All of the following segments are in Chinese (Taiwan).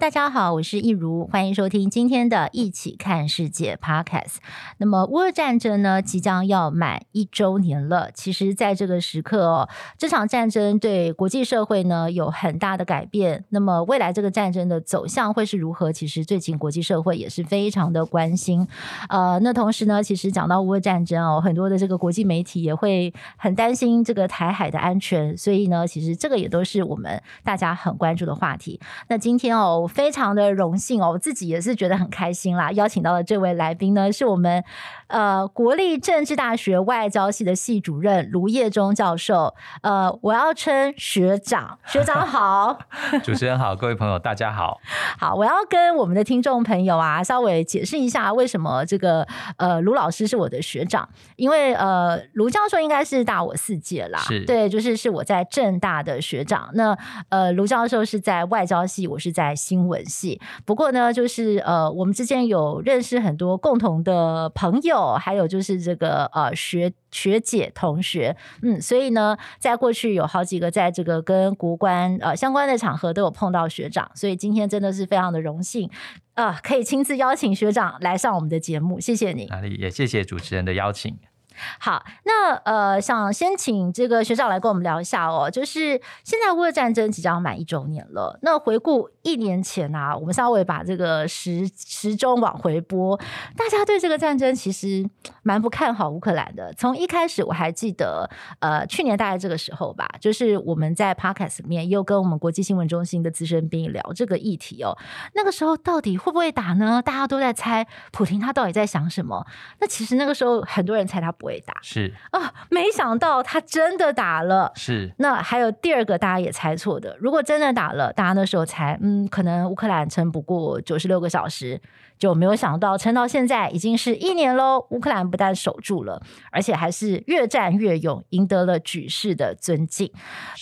大家好，我是益如，歡迎收聽今天的《益起看世界》podcast。那麼，烏俄戰爭呢，即將要滿一週年了。其實，在這個時刻哦，這場戰爭對國際社會呢有很大的改變。那麼，未來這個戰爭的走向會是如何？其實，最近國際社會也是非常的關心。呃，那同時呢，其實講到烏俄戰爭哦，很多的這個國際媒體也會很擔心這個台海的安全。所以呢，其實這個也都是我們大家很關注的話題。那今天哦。非常的榮幸哦，我自己也是覺得很開心啦。邀請到的這位來賓呢，是我們。呃，國立政治大學外交系的系主任盧業中教授，呃，我要稱學長，學長好， 主持人好，各位朋友大家好，好，我要跟我們的聽眾朋友啊，稍微解釋一下為什麼這個呃盧老師是我的學長，因為呃盧教授應該是大我四屆啦，是，對，就是是我在政大的學長，那呃盧教授是在外交系，我是在新聞系，不過呢，就是呃我們之間有認識很多共同的朋友。還有就是這個呃學學姐同學，嗯，所以呢，在過去有好幾個在這個跟國關呃相關的場合都有碰到學長，所以今天真的是非常的榮幸，呃，可以親自邀請學長來上我們的節目，謝謝你，哪裡，也謝謝主持人的邀請。好，那呃，想先請這個學長來跟我們聊一下哦。就是現在烏俄戰爭即將要滿一週年了，那回顧一年前啊，我們稍微把這個時時鐘往回撥，大家對這個戰爭其實蠻不看好烏克蘭的。從一開始，我還記得呃，去年大概這個時候吧，就是我們在 Podcast 面又跟我們國際新聞中心的資深編譯聊這個議題哦。那個時候到底會不會打呢？大家都在猜，普亭他到底在想什麼？那其實那個時候很多人猜他不會。被打，是啊、哦，沒想到他真的打了。是，那還有第二個，大家也猜錯的。如果真的打了，大家那時候猜，嗯，可能烏克蘭撐不過九十六個小時。就沒有想到撐到現在已經是一年嘍。烏克蘭不但守住了，而且還是越戰越勇，贏得了舉世的尊敬。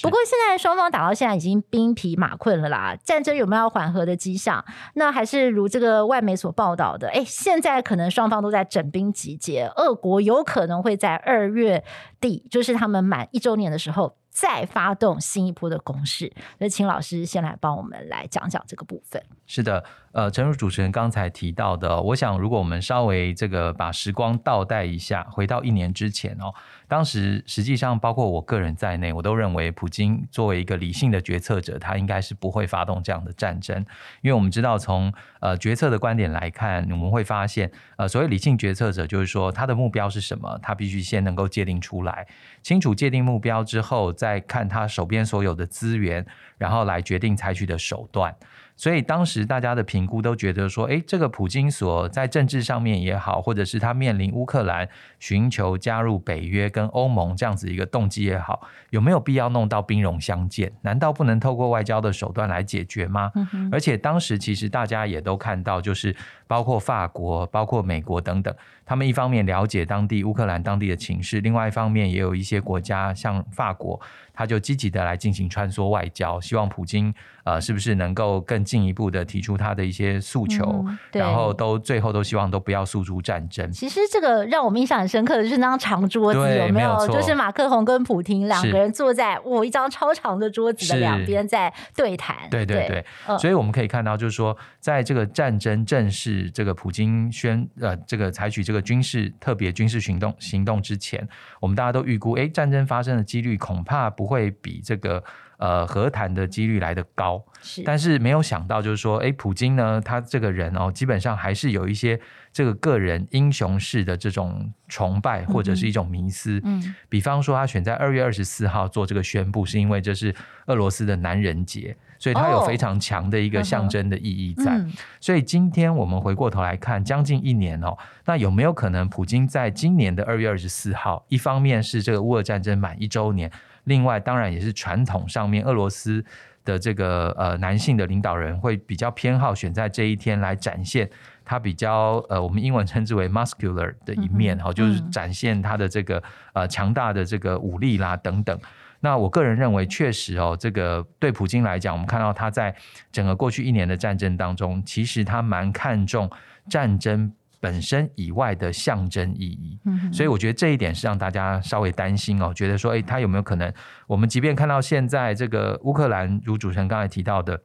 不過現在雙方打到現在已經兵疲馬困了啦，戰爭有沒有緩和的跡象？那還是如這個外媒所報道的，誒、欸，現在可能雙方都在整兵集結，俄國有可能會在二月底，就是他們滿一週年的時候再發動新一波的攻勢。那請老師先來幫我們來講講這個部分。是的，呃，益如主持人剛才提到的，我想如果我們稍微這個把時光倒帶一下，回到一年之前哦，當時實際上包括我個人在內，我都認為普亭作為一個理性的決策者，他應該是不會發動這樣的戰爭，因為我們知道從呃決策的觀點來看，我們會發現，呃，所謂理性決策者就是說他的目標是什麼，他必須先能夠界定出來，清楚界定目標之後，再看他手邊所有的資源，然後來決定採取的手段。所以當時大家的評估都覺得說，誒，這個普京所在政治上面也好，或者是他面臨烏克蘭尋求加入北約跟歐盟這樣子一個動機也好，有沒有必要弄到兵戎相見？難道不能透過外交的手段來解決嗎？嗯哼。而且當時其實大家也都看到，就是包括法國、包括美國等等，他們一方面了解當地烏克蘭當地的情勢，另外一方面也有一些國家像法國。他就積極的來進行穿梭外交，希望普京呃，是不是能夠更進一步的提出他的一些訴求？嗯、然後都最後都希望都不要訴諸戰爭。其實這個讓我們印象很深刻的就是那張長桌子對有沒有？沒有就是馬克宏跟普亭兩個人坐在我是一張超長的桌子的兩邊在對談。對對對，所以我們可以看到就是說，在這個戰爭正式這個普京宣，呃這個採取這個軍事特別軍事行動行動之前，我們大家都預估，哎，戰爭發生的幾率恐怕不。會比這個呃和談的幾率來得高，是的，但是沒有想到就是說，哎，普京呢，他這個人哦，基本上還是有一些這個個人英雄式的這種崇拜或者是一種迷思，嗯，嗯，比方說他選在二月二十四號做這個宣布，是因為這是俄羅斯的男人節，所以他有非常強的一個象徵的意義在。哦呵呵嗯、所以今天我們回過頭來看，將近一年哦，那有沒有可能普京在今年的二月二十四號，一方面是這個烏俄戰爭滿一週年，另外，當然也是傳統上面，俄羅斯的這個呃男性的領導人會比較偏好選在這一天來展現他比較呃我們英文稱之為 muscular 的一面哈，就是展現他的這個呃強大的這個武力啦啊等等。那我個人認為，確實哦，這個對普京來講，我們看到他在整個過去一年的戰爭當中，其實他蠻看重戰爭。本身以外的象徵意義，嗯、哼所以我覺得這一點是讓大家稍微擔心哦，覺得說，哎、欸，他有沒有可能？我們即便看到現在這個烏克蘭，如主持人剛才提到的，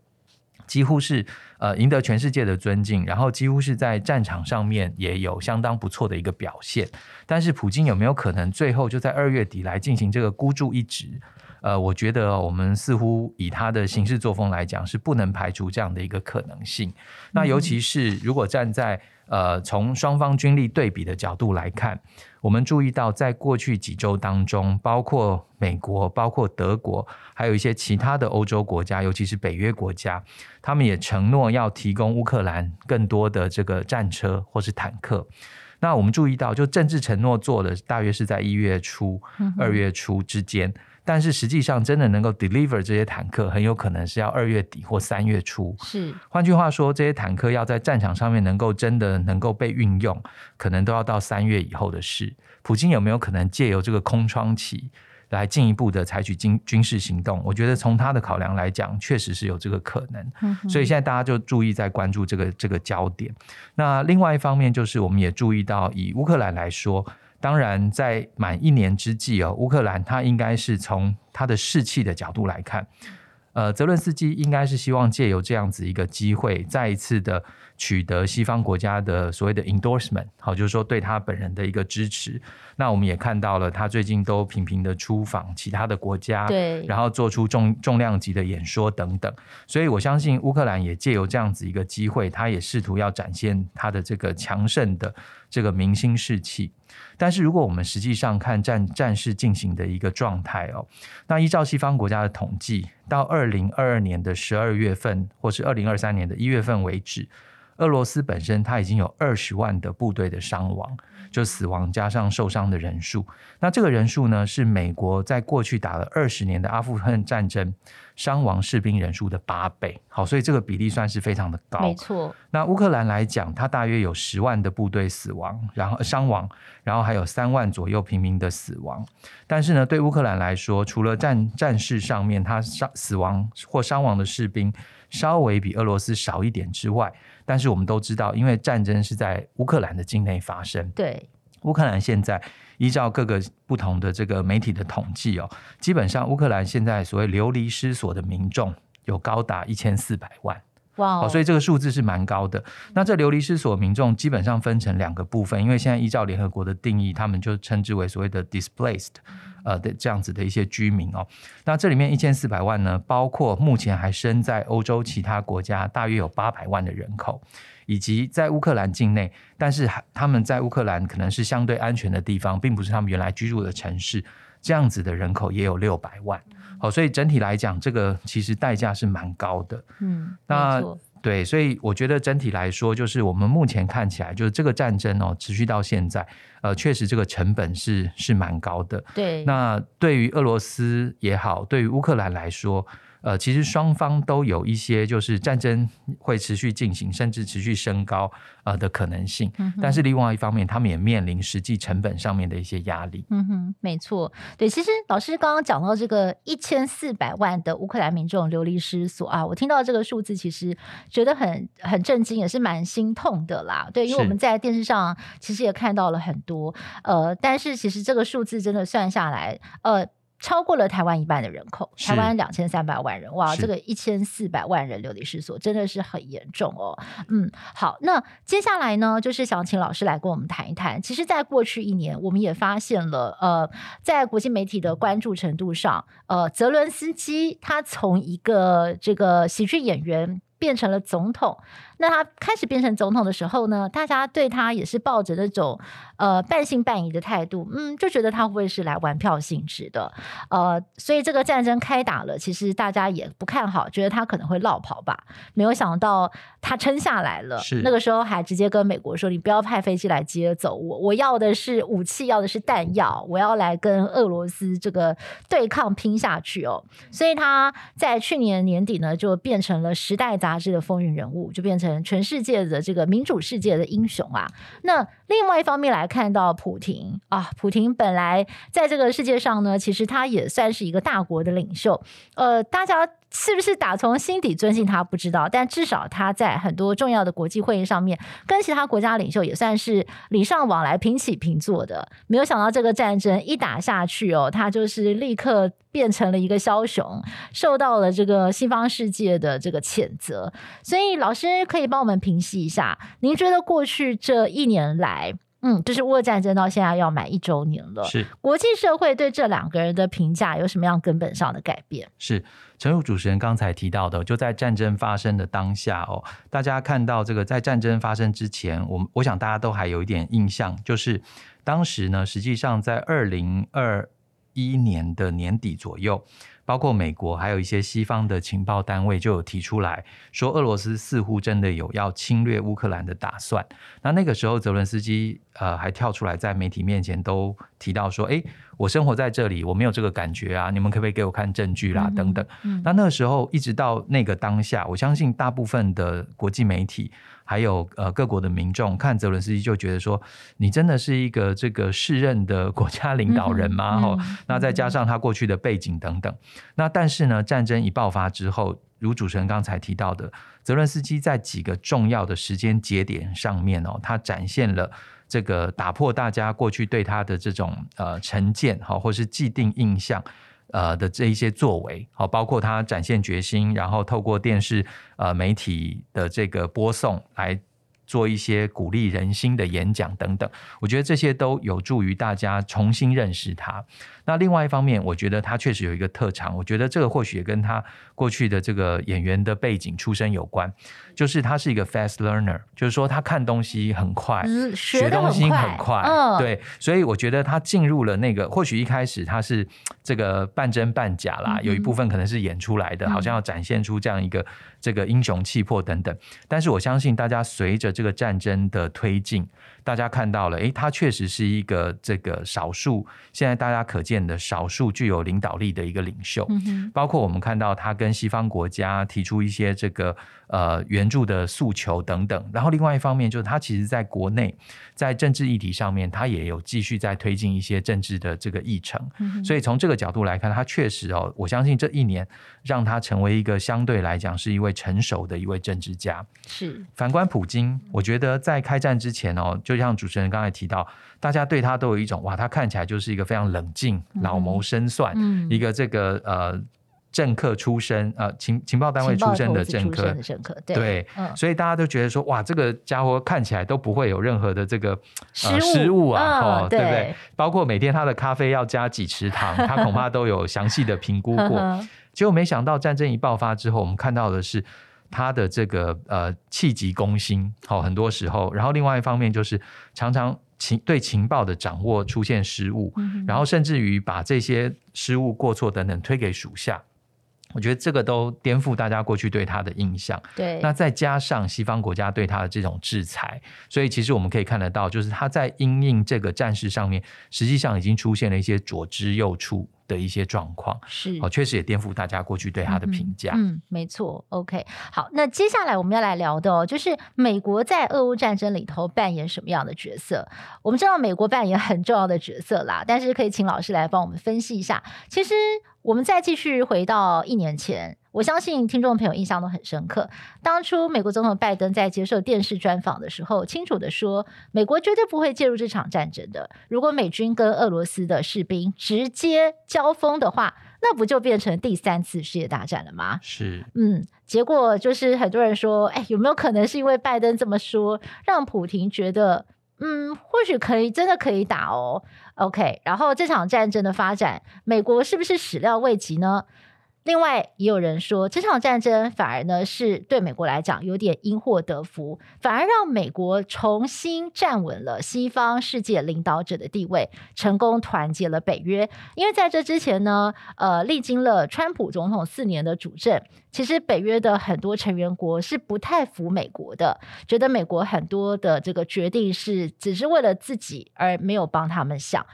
幾乎是呃贏得全世界的尊敬，然後幾乎是在戰場上面也有相當不錯的一個表現，但是普京有沒有可能最後就在二月底來進行這個孤注一擲？呃，我覺得我們似乎以他的行事作風來講，是不能排除這樣的一個可能性。嗯、那尤其是如果站在呃從雙方軍力對比的角度來看，我們注意到在過去幾周當中，包括美國、包括德國，還有一些其他的歐洲國家，尤其是北約國家，他們也承諾要提供烏克蘭更多的這個戰車或是坦克。那我們注意到，就政治承諾做的，大約是在一月初、嗯哼、二月初之間。但是實際上，真的能夠 deliver 這些坦克，很有可能是要二月底或三月初。是，換句話說，這些坦克要在戰場上面能夠真的能夠被運用，可能都要到三月以後的事。普京有沒有可能借由這個空窗期來進一步的採取軍軍事行動？我覺得從他的考量來講，確實是有這個可能。嗯哼。所以現在大家就注意在關注這個這個焦點。那另外一方面，就是我們也注意到，以烏克蘭來說。當然，在滿一年之際哦，烏克蘭他應該是從他的士氣的角度來看，呃，澤倫斯基應該是希望借由這樣子一個機會，再一次的。取得西方國家的所謂的 endorsement，好，就是說對他本人的一個支持。那我們也看到了，他最近都頻頻的出訪其他的國家，對，然後做出重重量級的演說等等。所以我相信烏克蘭也借由這樣子一個機會，他也試圖要展現他的這個強盛的這個民心士氣。但是如果我們實際上看戰戰事進行的一個狀態哦，那依照西方國家的統計，到二零二二年的十二月份，或是二零二三年的一月份為止。俄羅斯本身，它已經有二十萬的部隊的傷亡，就死亡加上受傷的人數。那這個人數呢，是美國在過去打了二十年的阿富汗戰爭傷亡士兵人數的八倍。好，所以這個比例算是非常的高。沒錯。那烏克蘭來講，它大約有十萬的部隊死亡，然後傷亡，然後還有三萬左右平民的死亡。但是呢，對烏克蘭來說，除了戰戰事上面，它傷死亡或傷亡的士兵稍微比俄羅斯少一點之外，但是我們都知道，因為戰爭是在烏克蘭的境內發生。對，烏克蘭現在依照各個不同的這個媒體的統計哦，基本上烏克蘭現在所謂流離失所的民眾有高達一千四百萬。哇 Wow、哦！所以這個數字是蠻高的。那這流離失所民眾基本上分成兩個部分，因為現在依照聯合國的定義，他們就稱之為所謂的 displaced，呃的這樣子的一些居民哦。那這裡面一千四百萬呢，包括目前還身在歐洲其他國家，大約有八百萬的人口，以及在烏克蘭境內，但是他們在烏克蘭可能是相對安全的地方，並不是他們原來居住的城市，這樣子的人口也有六百萬。哦，所以整體來講，這個其實代價是蠻高的。嗯，那沒錯。對，所以我覺得整體來說，就是我們目前看起來，就是這個戰爭哦，持續到現在，呃，確實這個成本是是蠻高的。對，那對於俄羅斯也好，對於烏克蘭來說。呃，其實雙方都有一些，就是戰爭會持續進行，甚至持續升高，呃的可能性。嗯哼，但是另外一方面，他們也面臨實際成本上面的一些壓力。嗯哼，沒錯，對，其實老師剛剛講到這個一千四百萬的烏克蘭民眾流離失所啊，我聽到這個數字，其實覺得很很震驚，也是蠻心痛的啦。對，因為我們在電視上其實也看到了很多，呃，但是其實這個數字真的算下來，呃。超過了臺灣一半的人口，臺灣 2, 是兩千三百萬人，哇，是這個一千四百萬人流離失所，真的是很嚴重哦。嗯，好，那接下來呢，就是想請老師來跟我們談一談。其實，在過去一年，我們也發現了，呃，在國際媒體的關注程度上，呃，澤倫斯基他從一個這個喜劇演員。變成了總統，那他開始變成總統的時候呢，大家對他也是抱着那種呃半信半疑的態度，嗯，就覺得他會不會是來玩票性質的，呃，所以這個戰爭開打了，其實大家也不看好，覺得他可能會落跑吧。沒有想到他撐下來了，是那個時候還直接跟美國說：“你不要派飛機來接走我，我要的是武器，要的是彈藥，我要來跟俄羅斯這個對抗拼下去哦。”所以他在去年年底呢，就變成了《時代》雜。這個風雲人物就變成全世界的這個民主世界的英雄啊！那另外一方面來看到普亭啊，普亭本來在這個世界上呢，其實他也算是一個大國的領袖。呃，大家。是不是打從心底尊敬他不知道，但至少他在很多重要的國際會議上面，跟其他國家領袖也算是禮尚往來、平起平坐的。沒有想到這個戰爭一打下去哦，他就是立刻變成了一個梟雄，受到了這個西方世界的這個譴責。所以老師可以幫我們平息一下，您覺得過去這一年來，嗯，就是烏俄戰爭到現在要滿一周年了，是國際社會對這兩個人的評價有什麼樣根本上的改變？是。正如主持人剛才提到的，就在戰爭發生的當下哦，大家看到這個，在戰爭發生之前，我們我想大家都還有一點印象，就是當時呢，實際上在二零二一年的年底左右，包括美國還有一些西方的情報單位就有提出來說，俄羅斯似乎真的有要侵略烏克蘭的打算。那那個時候，澤倫斯基呃還跳出來在媒體面前都提到說：“哎、欸，我生活在這裡，我沒有這個感覺啊，你們可不可以給我看證據啦、啊？”嗯嗯嗯等等。那那個時候一直到那個當下，我相信大部分的國際媒體。還有呃，各國的民眾看澤倫斯基就覺得說，你真的是一個這個現任的國家領導人嗎？嗯嗯、那再加上他過去的背景等等，那但是呢，戰爭一爆發之後，如主持人剛才提到的，澤倫斯基在幾個重要的時間節點上面哦，他展現了這個打破大家過去對他的這種呃成見哈，或是既定印象。呃的這一些作為，好，包括他展現決心，然後透過電視呃媒體的這個播送來做一些鼓勵人心的演講等等，我覺得這些都有助於大家重新認識他。那另外一方面，我覺得他確實有一個特長，我覺得這個或許也跟他過去的這個演員的背景出身有關，就是他是一個 fast learner，就是說他看東西很快，學得很快，學東西很快。哦、對，所以我覺得他進入了那個，或許一開始他是這個半真半假啦，嗯嗯有一部分可能是演出來的，好像要展現出這樣一個。這個英雄氣魄等等，但是我相信大家隨着這個戰爭的推進，大家看到了，誒，他確實是一個這個少數，現在大家可見的少數具有領導力的一個領袖。嗯、哼包括我們看到他跟西方國家提出一些這個呃援助的訴求等等。然後另外一方面就是他其實在國內在政治議題上面，他也有繼續在推進一些政治的這個議程。嗯、哼所以從這個角度來看，他確實哦，我相信這一年讓他成為一個相對來講是一位。成熟的一位政治家是。反觀普京，我覺得在開戰之前哦、喔，就像主持人剛才提到，大家對他都有一種哇，他看起來就是一個非常冷靜、嗯、老謀深算，嗯、一個這個呃。政客出身啊、呃，情情報單位出身的政客，政客對，對嗯、所以大家都覺得說，哇，這個家伙看起來都不會有任何的這個、呃、失，誤失誤啊，哈、嗯，對不、哦、對？包括每天他的咖啡要加幾匙糖，他恐怕都有詳細的評估過。 結果沒想到戰爭一爆發之後，我們看到的是他的這個呃氣急攻心，好、哦，很多時候。然後另外一方面就是常常情對情報的掌握出現失誤，嗯、哼然後甚至於把這些失誤過錯等等推給屬下。我覺得這個都顛覆大家過去對他的印象。對，那再加上西方國家對他的這種制裁，所以其實我們可以看得到，就是他在因應這個戰事上面，實際上已經出現了一些左支右絀的一些狀況。是的，確實也顛覆大家過去對他的評價。嗯，嗯，沒錯。OK，好，那接下來我們要來聊的哦，就是美國在俄烏戰爭裡頭扮演什麼樣的角色？我們知道美國扮演很重要的角色啦，但是可以請老師來幫我們分析一下。其實。我們再繼續回到一年前，我相信聽眾朋友印象都很深刻。當初美國總統拜登在接受電視專訪的時候，清楚地說，美國絕對不會介入這場戰爭的。如果美軍跟俄羅斯的士兵直接交鋒的話，那不就變成第三次世界大戰了嗎？是，嗯，結果就是很多人說，哎，有沒有可能是因為拜登這麼說，讓普亭覺得？嗯，或許可以，真的可以打哦。OK，然後這場戰爭的發展，美國是不是始料未及呢？另外，也有人說，這場戰爭反而呢是對美國來講有點因禍得福，反而讓美國重新站穩了西方世界領導者的地位，成功團結了北約。因為在這之前呢，呃，歷經了川普總統四年的主政，其實北約的很多成員國是不太服美國的，覺得美國很多的這個決定是只是為了自己而沒有幫他們想。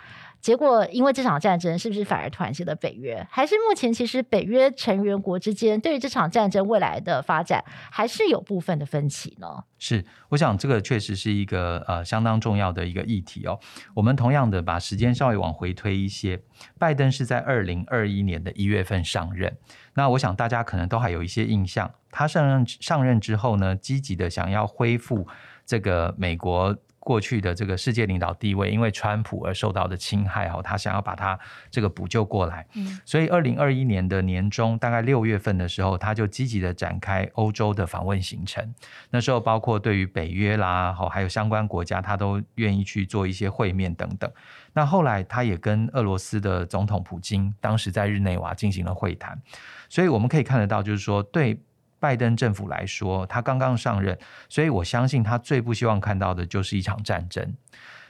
結果，因為這場戰爭，是不是反而團結了北約？還是目前其實北約成員國之間對於這場戰爭未來的發展，還是有部分的分歧呢？是，我想這個確實是一個呃相當重要的一個議題哦。我們同樣的把時間稍微往回推一些，拜登是在二零二一年的一月份上任，那我想大家可能都還有一些印象，他上任上任之後呢，積極的想要恢復這個美國。過去的這個世界領導地位，因為川普而受到的侵害哦，他想要把他這個補救過來。嗯，所以二零二一年的年中，大概六月份的時候，他就積極地展開歐洲的訪問行程。那時候，包括對於北約啦，哦，還有相關國家，他都願意去做一些會面等等。那後來，他也跟俄羅斯的總統普京，當時在日內瓦進行了會談。所以，我們可以看得到，就是說對。拜登政府來說，他剛剛上任，所以我相信他最不希望看到的就是一場戰爭。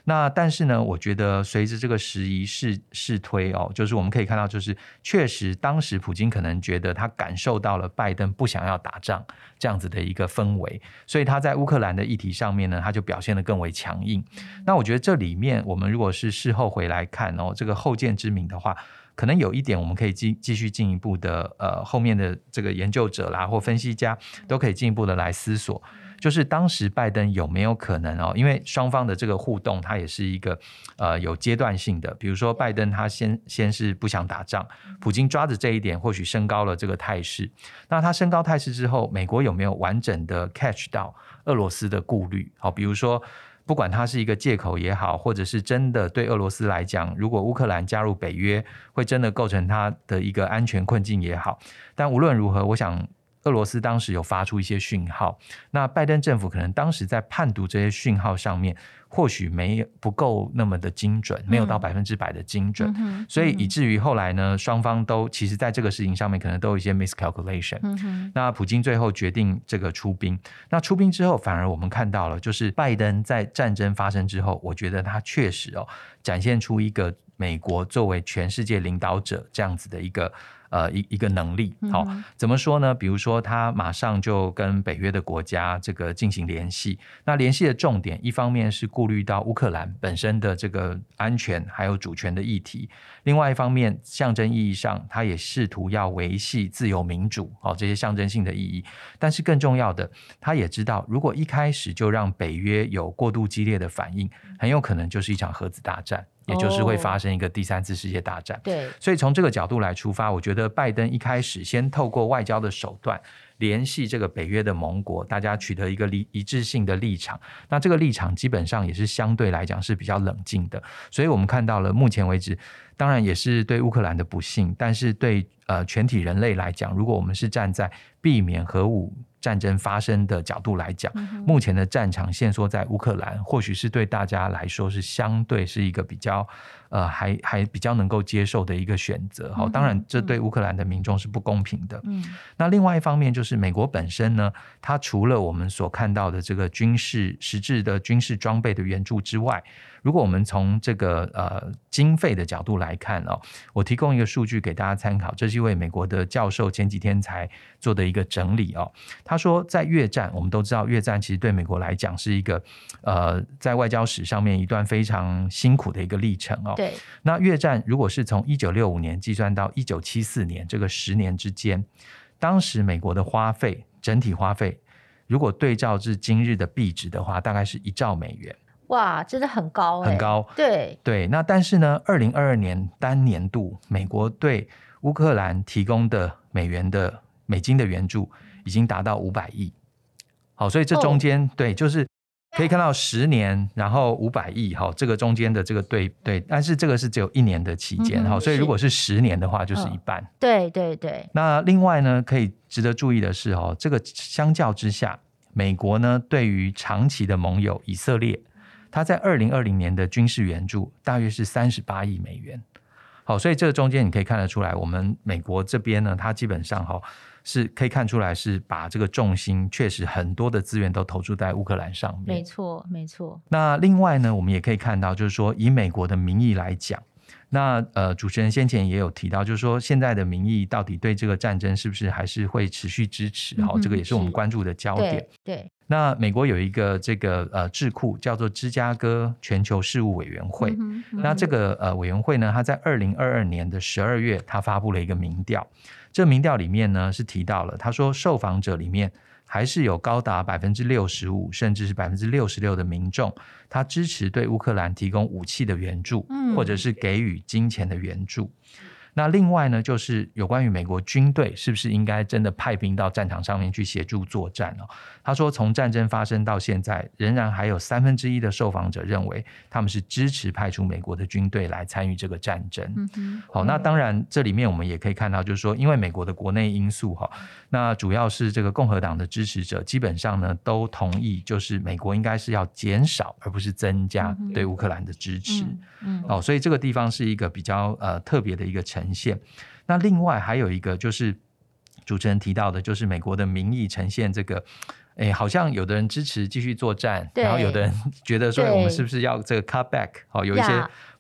那但是呢，我覺得隨着這個時移勢勢推哦，就是我們可以看到，就是確實當時普京可能覺得他感受到了拜登不想要打仗這樣子的一個氛圍，所以他在烏克蘭的議題上面呢，他就表現得更為強硬。那我覺得這裡面我們如果是事後回來看哦，這個後見之明的話，可能有一點我們可以繼繼續進一步的呃，後面的這個研究者啦或分析家都可以進一步的來思索。就是當時拜登有沒有可能哦？因為雙方的這個互動，它也是一個呃有階段性的。比如說，拜登他先先是不想打仗，普京抓着這一點，或許升高了這個態勢。那他升高態勢之後，美國有沒有完整的 catch 到俄羅斯的顧慮？好、哦，比如說，不管它是一個借口也好，或者是真的對俄羅斯來講，如果烏克蘭加入北約，會真的構成他的一個安全困境也好。但無論如何，我想。俄羅斯當時有發出一些訊號，那拜登政府可能當時在判讀這些訊號上面，或許沒有不夠那麼的精準，嗯、沒有到百分之百的精準，嗯、哼所以以至於後來呢，雙方都其實在這個事情上面可能都有一些 miscalculation、嗯哼。那普京最後決定這個出兵，那出兵之後，反而我們看到了，就是拜登在戰爭發生之後，我覺得他確實哦，展現出一個美國作為全世界領導者這樣子的一個。呃，一一個能力，好，哦，怎麼說呢？比如說，他馬上就跟北約的國家這個進行聯繫。那聯繫的重點，一方面是顧慮到烏克蘭本身的這個安全還有主權的議題，另外一方面，象徵意義上，他也試圖要維繫自由民主，好、哦，這些象徵性的意義。但是更重要的，他也知道，如果一開始就讓北約有過度激烈的反應，很有可能就是一場核子大戰。也就是會發生一個第三次世界大戰。哦，對，所以從這個角度來出發，我覺得拜登一開始先透過外交的手段聯繫這個北約的盟國，大家取得一個立一致性的立場。那這個立場基本上也是相對來講是比較冷靜的。所以我們看到了目前為止，當然也是對烏克蘭的不幸，但是對呃全體人類來講，如果我們是站在避免核武。戰爭發生的角度來講，嗯、哼目前的戰場限縮在烏克蘭，或許是對大家來說是相對是一個比較。呃，還還比較能夠接受的一個選擇哦。好，當然這對烏克蘭的民眾是不公平的。嗯，嗯。那另外一方面就是美國本身呢，它除了我們所看到的這個軍事實質的軍事裝備的援助之外，如果我們從這個呃經費的角度來看哦，我提供一個數據給大家參考，這是一位美國的教授前幾天才做的一個整理哦。他說，在越戰，我們都知道越戰其實對美國來講是一個呃在外交史上面一段非常辛苦的一個歷程哦。對，那越戰如果是從一九六五年計算到一九七四年這個十年之間，當時美國的花費，整體花費，如果對照至今日的幣值的話，大概是一兆美元。哇，真的很高，欸，很高。對對，那但是呢，二零二二年單年度美國對烏克蘭提供的美元的美金的援助已經達到五百億。好，所以這中間，哦，對就是。可以看到十年，對然後五百億哈，這個中間的這個對對，但是這個是只有一年的期間哈，嗯、所以如果是十年的話，就是一半。對對、哦、對。對對，那另外呢，可以值得注意的是哈，這個相較之下，美國呢對於長期的盟友以色列，它在二零二零年的軍事援助大約是三十八億美元。好，所以這個中間你可以看得出來，我們美國這邊呢，它基本上哈。是，可以看出來，是把這個重心確實很多的資源都投注在烏克蘭上面。沒錯，沒錯。那另外呢，我們也可以看到，就是說以美國的民意來講，那呃，主持人先前也有提到，就是說現在的民意到底對這個戰爭是不是還是會持續支持？好、嗯哼哦，這個也是我們關注的焦點。對。對，那美國有一個這個呃智庫叫做芝加哥全球事務委員會，嗯嗯、那這個呃委員會呢，它在二零二二年的十二月，它發布了一個民調。這民調裡面呢是提到了，他說受訪者裡面還是有高達百分之六十五，甚至是百分之六十六的民眾，他支持對烏克蘭提供武器的援助，或者是給予金錢的援助。那另外呢，就是有關於美國軍隊是不是應該真的派兵到戰場上面去協助作戰哦？他說，從戰爭發生到現在，仍然還有三分之一的受訪者認為他們是支持派出美國的軍隊來參與這個戰爭。好、mm hmm. 哦，那當然這裡面我們也可以看到，就是說，因為美國的國內因素哈、哦，那主要是這個共和黨的支持者基本上呢都同意，就是美國應該是要減少而不是增加對烏克蘭的支持。Mm hmm. 哦，所以這個地方是一個比較呃特別的一個層。呈現。那另外還有一個，就是主持人提到的，就是美國的民意呈現這個，哎、欸，好像有的人支持繼續作戰，對然後有的人覺得說，我們是不是要這個 cut back？對哦，有一些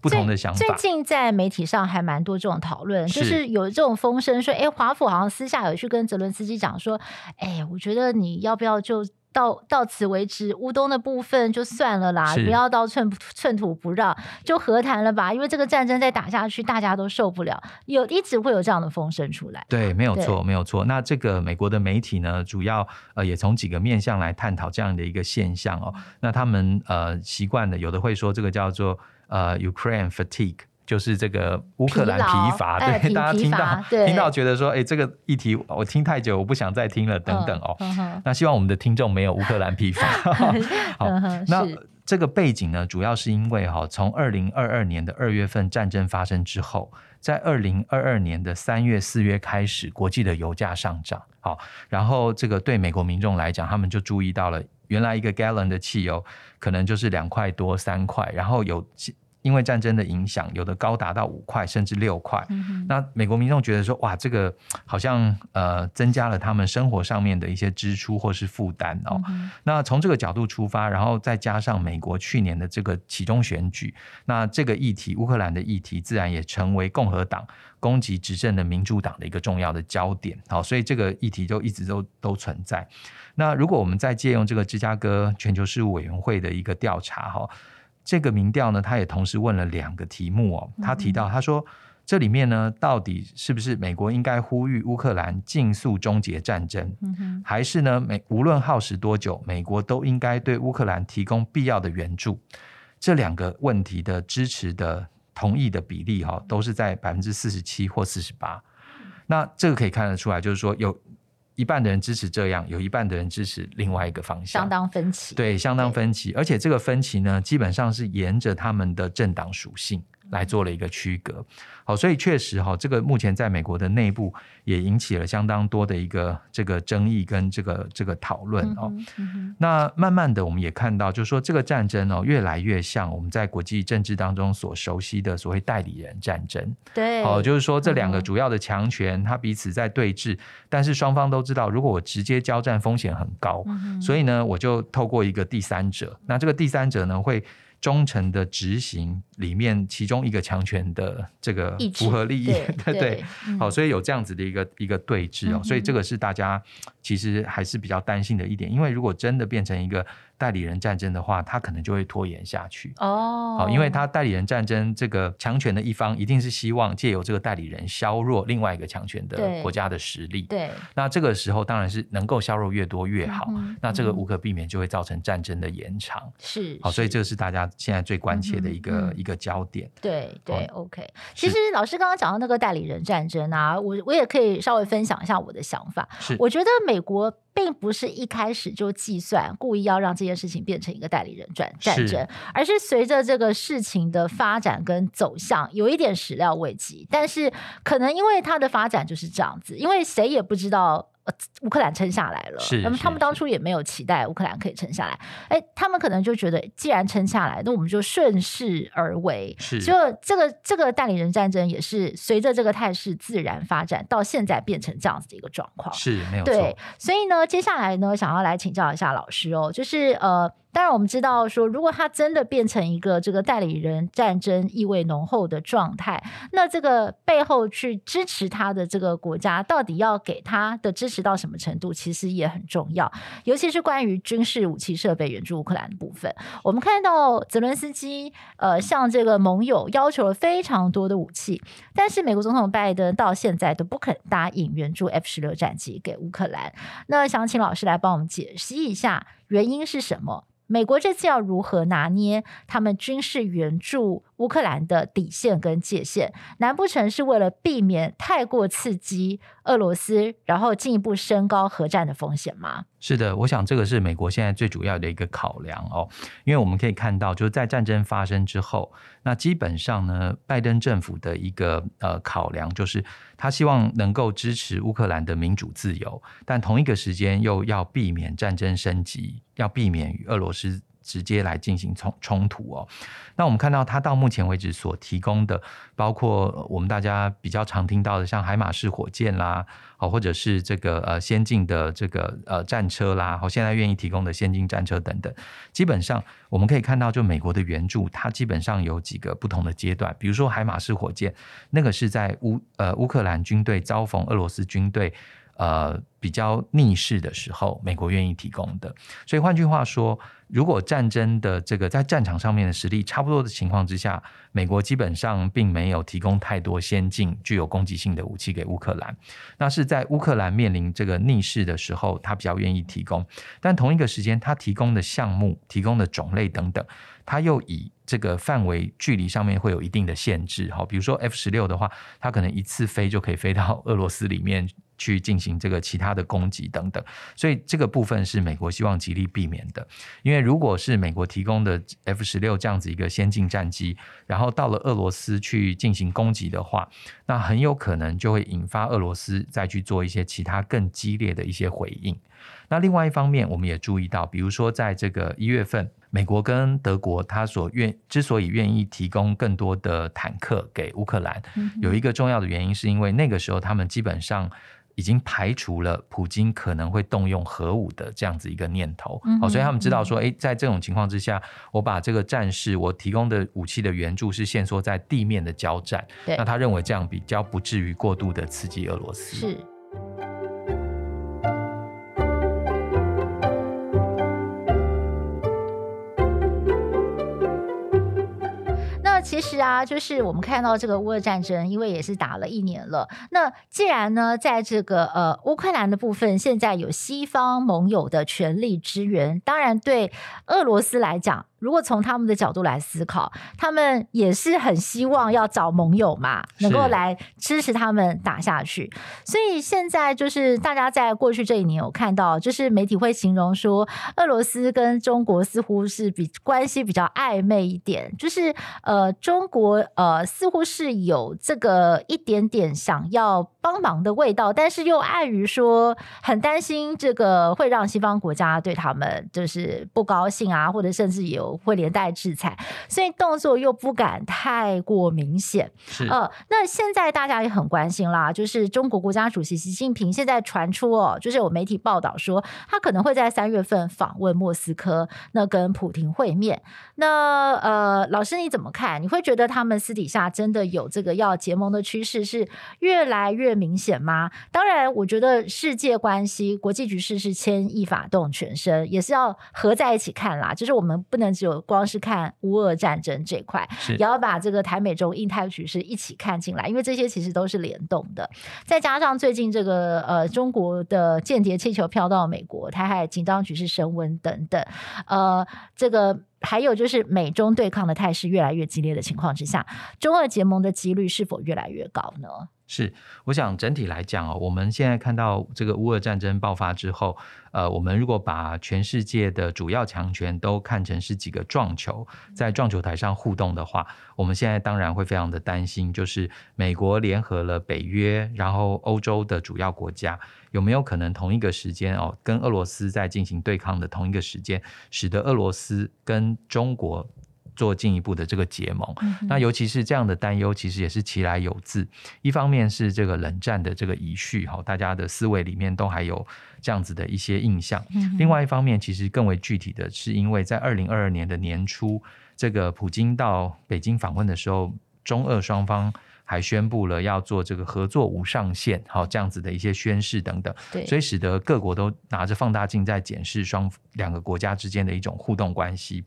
不同的想法。最近在媒體上還蠻多這種討論，就是有這種風聲說，哎、欸，華府好像私下有去跟澤倫斯基講說，哎、欸，我覺得你要不要就。到到此為止，烏東的部分就算了啦，是不要到寸寸土不讓，就和談了吧。因為這個戰爭再打下去，大家都受不了。有一直會有這樣的風聲出來，對，對，沒有錯，沒有錯。那這個美國的媒體呢，主要呃也從幾個面向來探討這樣的一個現象哦。那他們呃習慣的，有的會說這個叫做呃 Ukraine fatigue。就是這個烏克蘭疲乏，疲勞對、呃、大家聽到乏聽到覺得說，哎對，這個議題我聽太久，我不想再聽了等等哦。嗯嗯嗯、那希望我們的聽眾沒有烏克蘭疲乏。 好，嗯、那這個背景呢，主要是因為哈、哦，從二零二二年的二月份戰爭發生之後，在二零二二年的三月四月開始，國際的油價上漲。好，然後這個對美國民眾來講，他們就注意到了，原來一個 gallon 的汽油可能就是兩塊多三塊，然後有。因為戰爭的影響，有的高達到五塊甚至六塊。嗯、哼那美國民眾覺得說，哇，這個好像呃增加了他們生活上面的一些支出或是負擔哦。嗯、哼那從這個角度出發，然後再加上美國去年的這個期中選舉，那這個議題，烏克蘭的議題，自然也成為共和黨攻擊執政的民主黨的一個重要的焦點。好、哦，所以這個議題就一直都都存在。那如果我們再借用這個芝加哥全球事務委員會的一個調查、哦，哈。這個民調呢，他也同時問了兩個題目哦。他提到，嗯、哼他說這裡面呢，到底是不是美國應該呼籲烏克蘭盡速終結戰爭，嗯、哼還是呢，美無論耗時多久，美國都應該對烏克蘭提供必要的援助？這兩個問題的支持的同意的比例哈、哦，都是在百分之四十七或四十八。那這個可以看得出來，就是說有。一半的人支持這樣，有一半的人支持另外一個方向，相當分歧。對，相當分歧，對而且這個分歧呢，基本上是沿着他們的政黨屬性。來做了一個區隔，好、哦，所以確實哈、哦，這個目前在美國的內部也引起了相當多的一個這個爭議跟這個這個討論哦。嗯嗯、那慢慢的我們也看到，就是說這個戰爭哦，越來越像我們在國際政治當中所熟悉的所謂代理人戰爭。對，哦，就是說這兩個主要的強權，嗯哼，他彼此在對峙，但是雙方都知道，如果我直接交戰，風險很高，嗯哼，所以呢，我就透過一個第三者，那這個第三者呢會。忠誠的執行裡面，其中一個強權的這個符合利益，對對，好、嗯哦，所以有這樣子的一個一個對峙哦，嗯、哼所以這個是大家其實還是比較擔心的一點，因為如果真的變成一個。代理人戰爭的話，他可能就會拖延下去哦。好，oh. 因為他代理人戰爭這個強權的一方，一定是希望借由這個代理人削弱另外一個強權的國家的實力。對，那這個時候當然是能夠削弱越多越好。嗯、那這個無可避免就會造成戰爭的延長。是，是好，所以這個是大家現在最關切的一個、嗯、一個焦點。對對，OK。其實老師剛剛講到那個代理人戰爭啊，我我也可以稍微分享一下我的想法。是，我覺得美國。並不是一開始就計算故意要讓這件事情變成一個代理人轉戰爭，是，而是隨着這個事情的發展跟走向，有一點始料未及。但是可能因為它的發展就是這樣子，因為誰也不知道。呃、烏克蘭撐下來了，那麼他們當初也沒有期待烏克蘭可以撐下來，哎、欸，他們可能就覺得既然撐下來，那我們就順勢而為，是就這個這個代理人戰爭也是隨着這個態勢自然發展，到現在變成這樣子的一個狀況是，沒有錯。對。所以呢，接下來呢，想要來請教一下老師哦，就是呃。當然，但我們知道說，如果他真的變成一個這個代理人戰爭意味濃厚的狀態，那這個背後去支持他的這個國家，到底要給他的支持到什麼程度，其實也很重要。尤其是關於軍事武器設備援助烏克蘭的部分，我們看到澤倫斯基呃向這個盟友要求了非常多的武器，但是美國總統拜登到現在都不肯答應援助 F 十六戰機給烏克蘭。那想請老師來幫我們解析一下。原因是什麼？美國這次要如何拿捏他們軍事援助烏克蘭的底線跟界限，難不成是為了避免太過刺激俄羅斯，然後進一步升高核戰的風險嗎？是的，我想這個是美國現在最主要的一個考量哦。因為我們可以看到，就是在戰爭發生之後，那基本上呢，拜登政府的一個呃考量就是，他希望能夠支持烏克蘭的民主自由，但同一個時間又要避免戰爭升級，要避免與俄羅斯。直接來進行衝衝突哦，那我們看到它到目前為止所提供的，包括我們大家比較常聽到的，像海馬式火箭啦，好，或者是這個呃先進的這個呃戰車啦，好，現在願意提供的先進戰車等等，基本上我們可以看到，就美國的援助，它基本上有幾個不同的階段，比如說海馬式火箭，那個是在烏呃烏克蘭軍隊遭逢俄羅斯軍隊。呃，比較逆勢的時候，美國願意提供的。所以換句話說，如果戰爭的這個在戰場上面的實力差不多的情況之下，美國基本上並沒有提供太多先進、具有攻擊性的武器給烏克蘭。那是在烏克蘭面臨這個逆勢的時候，他比較願意提供。但同一個時間，他提供的項目、提供的種類等等，他又以這個範圍、距離上面會有一定的限制。好，比如說 F 十六的話，它可能一次飛就可以飛到俄羅斯裡面。去進行這個其他的攻擊等等，所以這個部分是美國希望極力避免的，因為如果是美國提供的 F 十六這樣子一個先進戰機，然後到了俄羅斯去進行攻擊的話，那很有可能就會引發俄羅斯再去做一些其他更激烈的一些回應。那另外一方面，我們也注意到，比如說在這個一月份，美國跟德國他所願之所以願意提供更多的坦克給烏克蘭，有一個重要的原因是因為那個時候他們基本上。已經排除了普京可能會動用核武的這樣子一個念頭，嗯嗯哦，所以他們知道說，誒，在這種情況之下，我把這個戰事，我提供的武器的援助是限縮在地面的交戰，對那他認為這樣比較不至於過度的刺激俄羅斯。是。那其是啊，就是我們看到這個烏俄戰爭，因為也是打了一年了。那既然呢，在這個呃烏克蘭的部分，現在有西方盟友的全力支援，當然對俄羅斯來講，如果從他們的角度來思考，他們也是很希望要找盟友嘛，能夠來支持他們打下去。是所以現在就是大家在過去這一年，有看到，就是媒體會形容說，俄羅斯跟中國似乎是比關係比較曖昧一點，就是呃中。中國呃似乎是有這個一點點想要幫忙的味道，但是又礙於說，很擔心這個會讓西方國家對他們就是不高興啊，或者甚至有會連帶制裁，所以動作又不敢太過明顯。是呃，那現在大家也很關心啦，就是中國國家主席習近平現在傳出哦，就是有媒體報道說他可能會在三月份訪問莫斯科，那跟普亭會面。那呃，老師你怎麼看？你會？覺得他們私底下真的有這個要結盟的趨勢是越來越明顯嗎？當然，我覺得世界關係、國際局勢是牽一髮動全身，也是要合在一起看啦。就是我們不能只有光是看烏俄戰爭這塊，是也要把這個台美中印太局勢一起看進來，因為這些其實都是聯動的。再加上最近這個呃，中國的間諜氣球飄到美國，台海緊張局勢升溫等等，呃，這個。還有就是，美中對抗的態勢越來越激烈的情況之下，中俄結盟的幾率是否越來越高呢？是，我想整體來講哦，我們現在看到這個烏俄戰爭爆發之後，呃，我們如果把全世界的主要強權都看成是幾個撞球，在撞球檯上互動的話，我們現在當然會非常的擔心，就是美國聯合了北約，然後歐洲的主要國家有沒有可能同一個時間哦，跟俄羅斯在進行對抗的同一個時間，使得俄羅斯跟中國做進一步的這個結盟，嗯、哼那尤其是這樣的擔憂，其實也是其來有自。一方面是這個冷戰的這個遺緒，哈，大家的思維裡面都還有這樣子的一些印象。嗯、哼另外一方面，其實更為具體的是，因為在二零二二年的年初，這個普京到北京訪問的時候，中俄雙方還宣布了要做這個合作無上限，好，這樣子的一些宣誓等等，對所以使得各國都拿着放大鏡在檢視雙兩個國家之間的一種互動關係。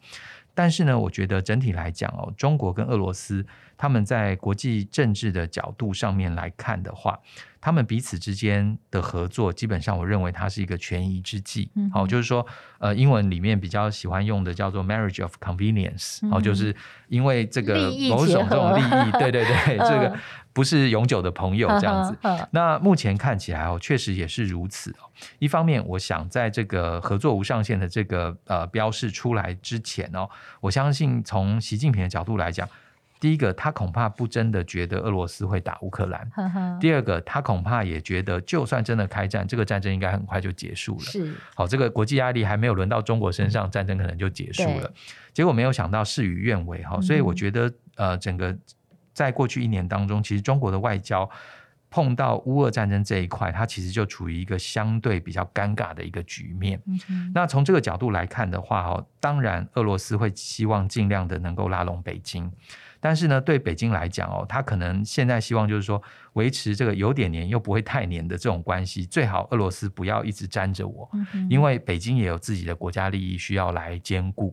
但是呢，我覺得整體來講哦，中國跟俄羅斯他們在國際政治的角度上面來看的話，他們彼此之間的合作，基本上我認為它是一個權宜之計。好、嗯哼哦，就是說，呃，英文裡面比較喜歡用的叫做 marriage of convenience、嗯哼。好、哦，就是因為這個某種這種利益，利益 對對對，呃、這個。不是永久的朋友這樣子。呵呵呵。那目前看起來哦，確實也是如此哦。一方面，我想在這個合作無上限的這個呃標示出來之前哦，我相信從習近平的角度來講，第一個他恐怕不真的覺得俄羅斯會打烏克蘭。呵呵。第二個，他恐怕也覺得，就算真的開戰，這個戰爭應該很快就結束了。是，好，哦，這個國際壓力還沒有輪到中國身上，嗯，戰爭可能就結束了。對。結果沒有想到事與願違哈，所以我覺得，嗯，呃，整個。在過去一年當中，其實中國的外交碰到烏俄戰爭這一塊，它其實就處於一個相對比較尷尬的一個局面。Mm hmm. 那從這個角度來看的話，哦，當然俄羅斯會希望盡量的能夠拉攏北京。但是呢，對北京來講哦，他可能現在希望就是說維持這個有點黏又不會太黏的這種關係，最好俄羅斯不要一直粘着我，嗯、哼因為北京也有自己的國家利益需要來兼顧。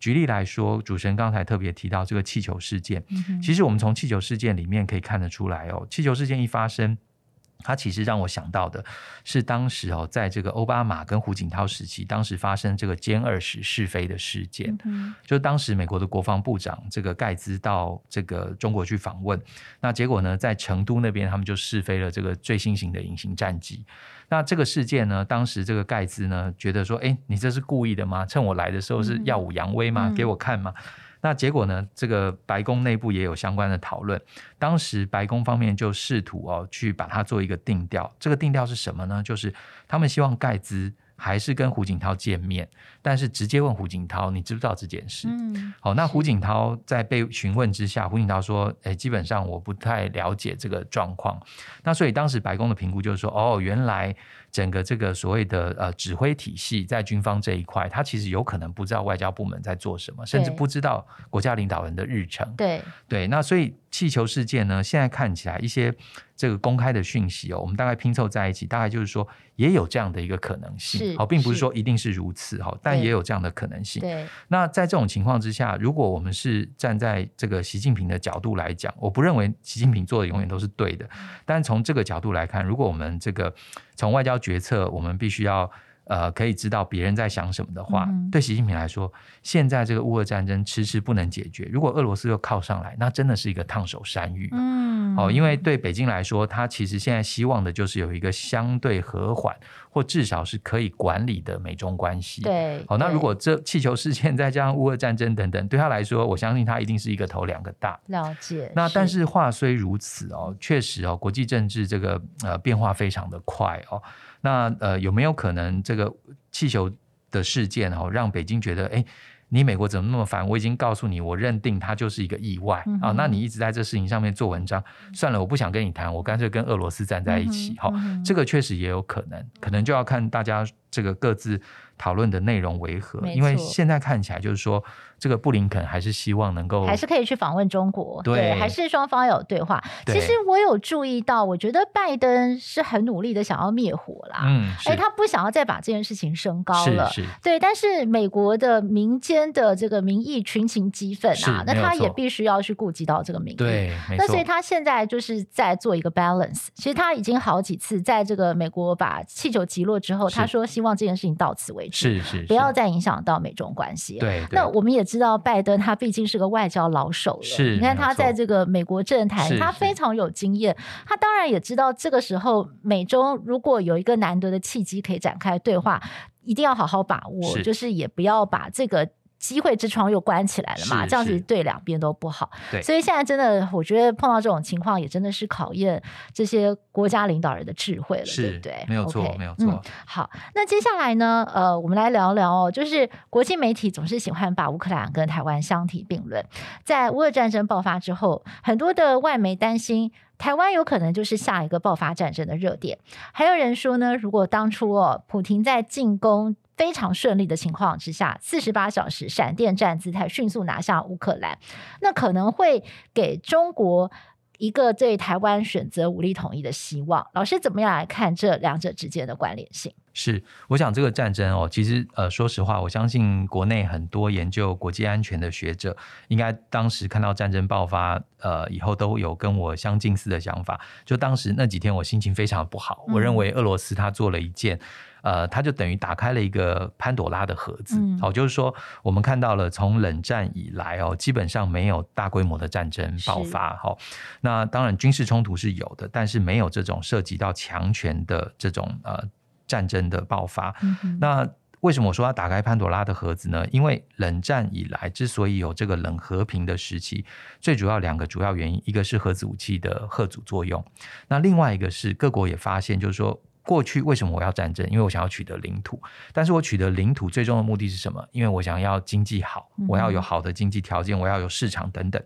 舉例來說，主持人剛才特別提到這個氣球事件，嗯、哼其實我們從氣球事件裡面可以看得出來哦，氣球事件一發生。他其實讓我想到的是，當時哦，在這個奧巴馬跟胡錦濤時期，當時發生這個殲二十試飛的事件。嗯、哼就當時美國的國防部長這個蓋茨到這個中國去訪問，那結果呢，在成都那邊他們就試飛了這個最新型的隱形戰機。那這個事件呢，當時這個蓋茨呢覺得說：“誒，你這是故意的嗎？趁我來的時候是耀武揚威嗎？嗯、給我看嗎？”嗯那結果呢？這個白宮內部也有相關的討論。當時白宮方面就試圖哦去把它做一個定調。這個定調是什麼呢？就是他們希望蓋茨還是跟胡錦濤見面。但是直接問胡錦濤，你知不知道這件事？嗯，好、哦，那胡錦濤在被詢問之下，是胡錦濤說：“哎，基本上我不太了解這個狀況。那所以當時白宮的評估就是說，哦，原來整個這個所謂的呃指揮體系在軍方這一塊，他其實有可能不知道外交部門在做什麼，甚至不知道國家領導人的日程。對對，那所以氣球事件呢，現在看起來一些這個公開的訊息哦，我們大概拼湊在一起，大概就是說也有這樣的一個可能性。好是、哦，並不是說一定是如此哈、哦，但也有這樣的可能性。對，那在這種情況之下，如果我們是站在這個習近平的角度來講，我不認為習近平做的永遠都是對的。嗯、但從這個角度來看，如果我們這個從外交決策，我們必須要。呃，可以知道別人在想什麼的話，嗯、哼對習近平來說，現在這個烏俄戰爭遲，遲遲不能解決，如果俄羅斯又靠上來，那真的是一個燙手山芋。嗯，哦，因為對北京來說，他其實現在希望的就是有一個相對和緩，或至少是可以管理的美中關係。對，好、哦，那如果這氣球事件再加上烏俄戰爭等等，對，對他來說，我相信他一定是一個頭兩個大。了解。那但是話雖如此哦，是確實哦，國際政治這個呃變化非常的快哦。那呃有沒有可能這個氣球的事件哈、哦、讓北京覺得哎、欸、你美國怎麼那麼煩？我已經告訴你，我認定它就是一個意外啊、嗯哼哦、那你一直在這事情上面做文章、嗯、哼算了，我不想跟你談，我乾脆跟俄羅斯站在一起哈、嗯哼哦、這個確實也有可能，可能就要看大家。這個各自討論的內容為何？沒錯。因為現在看起來，就是說這個布林肯還是希望能夠還是可以去訪問中國，對，對，還是雙方有對話。對，其實我有注意到，我覺得拜登是很努力的想要滅火啦，嗯，哎、欸，他不想要再把這件事情升高了，是，是。對，但是美國的民間的這個民意群情激憤啊，是，那他也必須要去顧及到這個民意，對。那所以他現在就是在做一個 balance。其實他已經好幾次在這個美國把氣球擊落之後，是，他說。希望這件事情到此為止，是，是是，不要再影響到美中關係。對，對，對，那我們也知道，拜登他畢竟是個外交老手了，是，你看他在這個美國政壇，是他非常有經驗。是是，他當然也知道，這個時候美中如果有一個難得的契機可以展開對話，嗯、一定要好好把握，是，就是也不要把這個。機會之窗又關起來了嘛，這樣子對兩邊都不好。對所以現在真的，我覺得碰到這種情況也真的是考驗這些國家領導人的智慧了，是對不對？沒有錯，okay, 沒有錯，嗯。好，那接下來呢？呃，我們來聊聊，哦，就是國際媒體總是喜歡把烏克蘭跟台灣相提並論。在烏俄戰爭爆發之後，很多的外媒擔心台灣有可能就是下一個爆發戰爭的熱點。還有人說呢，如果當初哦，普亭在進攻。非常順利的情況之下，四十八小時閃電戰姿態迅速拿下烏克蘭，那可能會給中國一個對台灣選擇武力統一的希望。老師怎麼樣來看這兩者之間的關聯性？是，我想這個戰爭哦、喔，其實呃，說實話，我相信國內很多研究國際安全的學者，應該當時看到戰爭爆發，呃，以後都有跟我相近似的想法。就當時那幾天，我心情非常不好，我認為俄羅斯他做了一件。呃，它就等於打開了一個潘多拉的盒子，好、嗯哦，就是說我們看到了從冷戰以來哦，基本上沒有大規模的戰爭爆發，哈是、哦。那當然軍事衝突是有的，但是沒有這種涉及到強權的這種呃戰爭的爆發。嗯、哼那為什麼我說要打開潘多拉的盒子呢？因為冷戰以來之所以有這個冷和平的時期，最主要兩個主要原因，一個是核子武器的嚇阻作用，那另外一個是各國也發現，就是說。過去為什麼我要戰爭？因為我想要取得領土，但是我取得領土最終的目的是什麼？因為我想要經濟好，我要有好的經濟條件，我要有市場等等。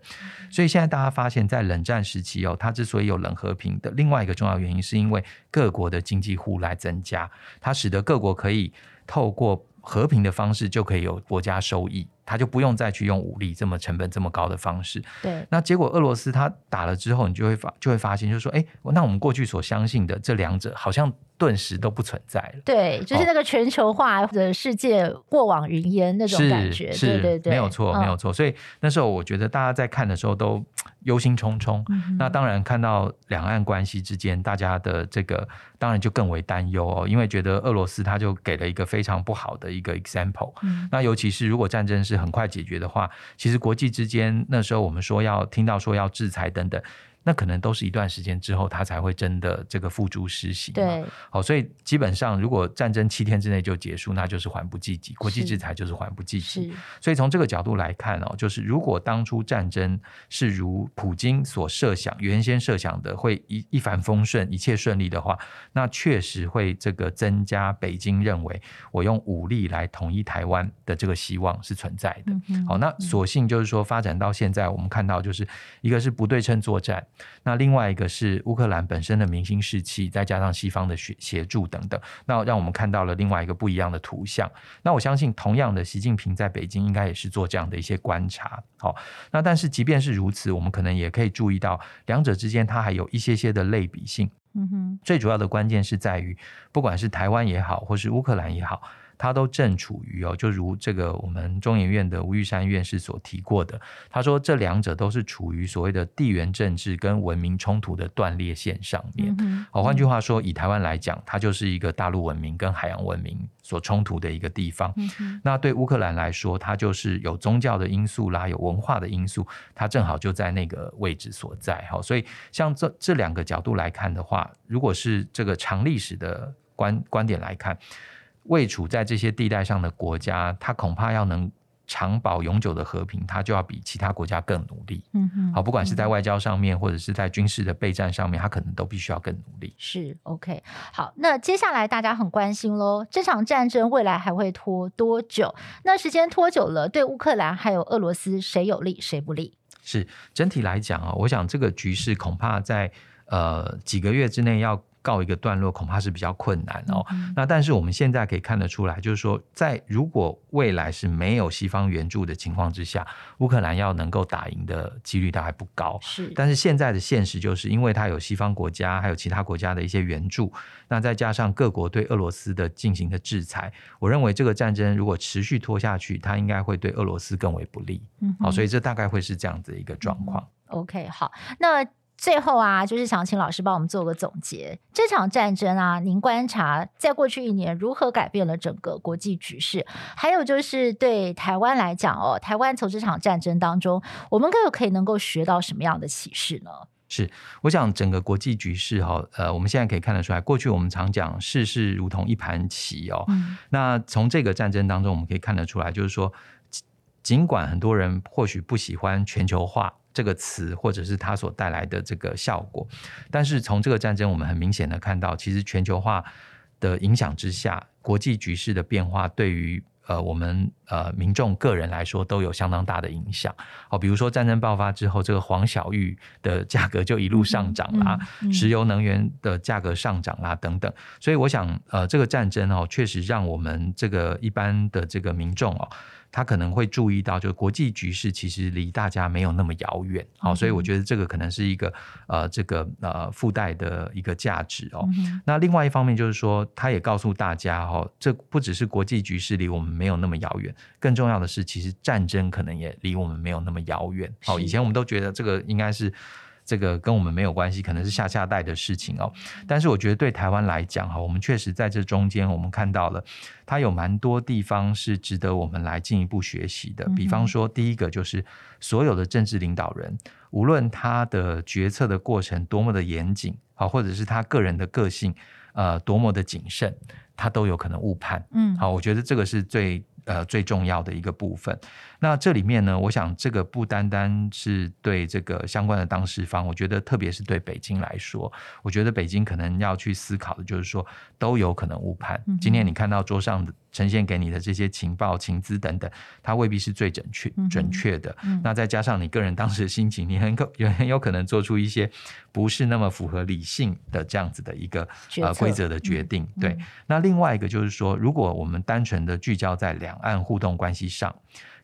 所以現在大家發現，在冷戰時期哦，它之所以有冷和平的另外一個重要原因，是因為各國的經濟互賴增加，它使得各國可以透過和平的方式就可以有國家收益。他就不用再去用武力這麼成本這麼高的方式，對。那結果俄羅斯他打了之後，你就會發就會發現，就是說，哎，那我們過去所相信的這兩者好像。頓時都不存在了。對，就是那個全球化的世界，哦、過往雲煙那種感覺，是是對對對，沒有錯，嗯、沒有錯。所以那時候，我覺得大家在看的時候都憂心忡忡。嗯、那當然看到兩岸關係之間，大家的這個當然就更為擔憂哦，因為覺得俄羅斯他就給了一個非常不好的一個 example。嗯、那尤其是如果戰爭是很快解決的話，其實國際之間那時候我們說要聽到說要制裁等等。那可能都是一段時間之後，他才會真的這個付諸實行。對，好、哦，所以基本上，如果戰爭七天之內就結束，那就是緩不濟急，國際制裁就是緩不濟急。是所以從這個角度來看哦，就是如果當初戰爭是如普京所設想、原先設想的會一一帆風順、一切順利的話，那確實會這個增加北京認為我用武力來統一台灣的這個希望是存在的。好、嗯哼哦，那索性就是說，發展到現在，我們看到就是一個是不對稱作戰。那另外一個是烏克蘭本身的民心士氣，再加上西方的協協助等等，那讓我們看到了另外一個不一樣的圖像。那我相信，同樣的，習近平在北京應該也是做這樣的一些觀察。好，那但是即便是如此，我們可能也可以注意到，兩者之間它還有一些些的類比性。嗯哼，最主要的關鍵是在於，不管是台灣也好，或是烏克蘭也好。它都正處於哦，就如這個我們中研院的吳玉山院士所提過的，他說這兩者都是處於所謂的地緣政治跟文明衝突的斷裂線上面。好、嗯哼，換句話說，以台灣來講，它就是一個大陸文明跟海洋文明所衝突的一個地方。嗯、哼那對烏克蘭來說，它就是有宗教的因素啦，有文化的因素，它正好就在那個位置所在。好，所以像這這兩個角度來看的話，如果是這個長歷史的觀觀點來看。位處在這些地帶上的國家，它恐怕要能長保永久的和平，它就要比其他國家更努力。嗯哼，好，不管是在外交上面，嗯、哼或者是在軍事的備戰上面，它可能都必須要更努力。是 OK，好，那接下來大家很關心咯，這場戰爭未來還會拖多久？那時間拖久了，對烏克蘭還有俄羅斯，誰有利誰不利？是整體來講啊、哦，我想這個局勢恐怕在呃幾個月之內要。告一個段落恐怕是比較困難哦。嗯、那但是我們現在可以看得出來，就是說，在如果未來是沒有西方援助的情況之下，烏克蘭要能夠打贏的幾率大概不高。是，但是現在的現實就是因為它有西方國家還有其他國家的一些援助，那再加上各國對俄羅斯的進行的制裁，我認為這個戰爭如果持續拖下去，它應該會對俄羅斯更為不利。嗯哼，好、哦，所以這大概會是這樣子一個狀況。嗯、OK，好，那。最後啊，就是想請老師幫我們做個總結。這場戰爭啊，您觀察在過去一年如何改變了整個國際局勢？還有就是對台灣來講哦，台灣從這場戰爭當中，我們可不可以能夠學到什麼樣的啟示呢？是，我想整個國際局勢哈，哦，呃，我們現在可以看得出來，過去我們常講世事如同一盤棋哦。嗯。那從這個戰爭當中，我們可以看得出來，就是說，儘管很多人或許不喜歡全球化。這個詞，或者是它所帶來的這個效果，但是從這個戰爭，我們很明顯的看到，其實全球化的影響之下，國際局勢的變化，對於呃我們呃民眾個人來說，都有相當大的影響。好、哦，比如說戰爭爆發之後，這個黃小玉的價格就一路上漲啦，嗯嗯嗯、石油能源的價格上漲啦，等等。所以，我想，呃，這個戰爭哦，確實讓我們這個一般的這個民眾哦。他可能會注意到，就國際局勢其實離大家沒有那麼遙遠，好、嗯哼哦，所以我覺得這個可能是一個呃，這個呃附帶的一個價值哦。嗯、哼那另外一方面就是說，他也告訴大家哦，這不只是國際局勢離我們沒有那麼遙遠，更重要的是，其實戰爭可能也離我們沒有那麼遙遠。好、哦，的以前我們都覺得這個應該是。這個跟我們沒有關係，可能是下下代的事情哦。但是我覺得對台灣來講哈，我們確實在這中間，我們看到了它有蠻多地方是值得我們來進一步學習的。比方說，第一個就是所有的政治領導人，無論他的決策的過程多麼的嚴謹啊，或者是他個人的個性呃，多麼的謹慎。他都有可能誤判，嗯，好，我覺得這個是最呃最重要的一個部分。那這裡面呢，我想這個不單單是對這個相關的當事方，我覺得特別是對北京來說，我覺得北京可能要去思考的，就是說都有可能誤判。嗯、哼今天你看到桌上的呈現給你的這些情報、情資等等，它未必是最準確、嗯、哼準確的。嗯、哼那再加上你個人當時的心情，你很可也很有可能做出一些不是那麼符合理性的這樣子的一個策呃規則的決定。嗯嗯、對，那。另外一個就是說，如果我們單純的聚焦在兩岸互動關係上，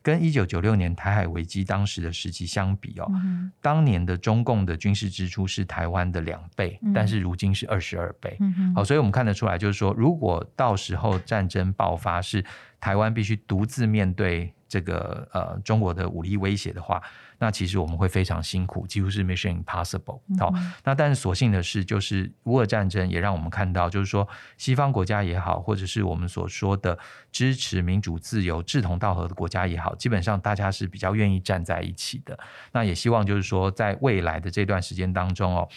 跟一九九六年台海危機當時的時期相比哦，嗯、哼當年的中共的軍事支出是台灣的兩倍，但是如今是二十二倍。嗯、哼好，所以我們看得出來，就是說，如果到時候戰爭爆發，是台灣必須獨自面對這個呃中國的武力威脅的話，那其實我們會非常辛苦，幾乎是 mission impossible，哦。好，嗯哼，那但是所幸的是，就是烏俄戰爭也讓我們看到，就是說西方國家也好，或者是我們所說的支持民主自由、志同道合的國家也好，基本上大家是比較願意站在一起的。那也希望就是說，在未來的這段時間當中哦。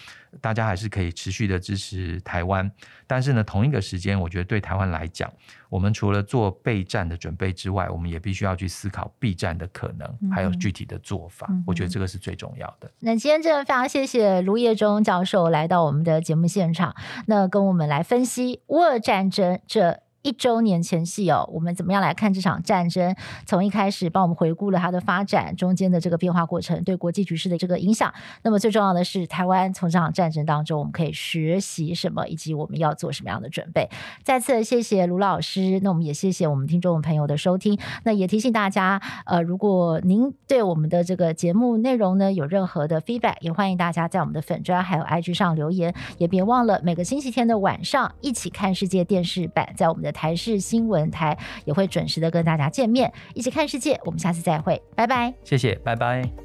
大家還是可以持續的支持台灣，但是呢，同一個時間，我覺得對台灣來講，我們除了做備戰的準備之外，我們也必須要去思考避戰的可能，還有具體的做法。嗯、哼我覺得這個是最重要的。嗯、那今天真的非常謝謝盧業中教授來到我們的節目現場，那跟我們來分析烏俄戰爭這。一周年前夕哦，我們怎麼樣來看這場戰爭？從一開始幫我們回顧了它的發展中間的這個變化過程，對國際局勢的這個影響。那麼最重要的是，台灣從這場戰爭當中，我們可以學習什麼，以及我們要做什麼樣的準備？再次謝謝盧老師，那我們也謝謝我們聽眾朋友的收聽。那也提醒大家，呃，如果您對我們的這個節目內容呢有任何的 feedback，也歡迎大家在我們的粉專還有 IG 上留言。也別忘了每個星期天的晚上益起看世界電視版，在我們的。台視新聞台也會準時的跟大家見面，一起看世界。我們下次再會，拜拜。謝謝，拜拜。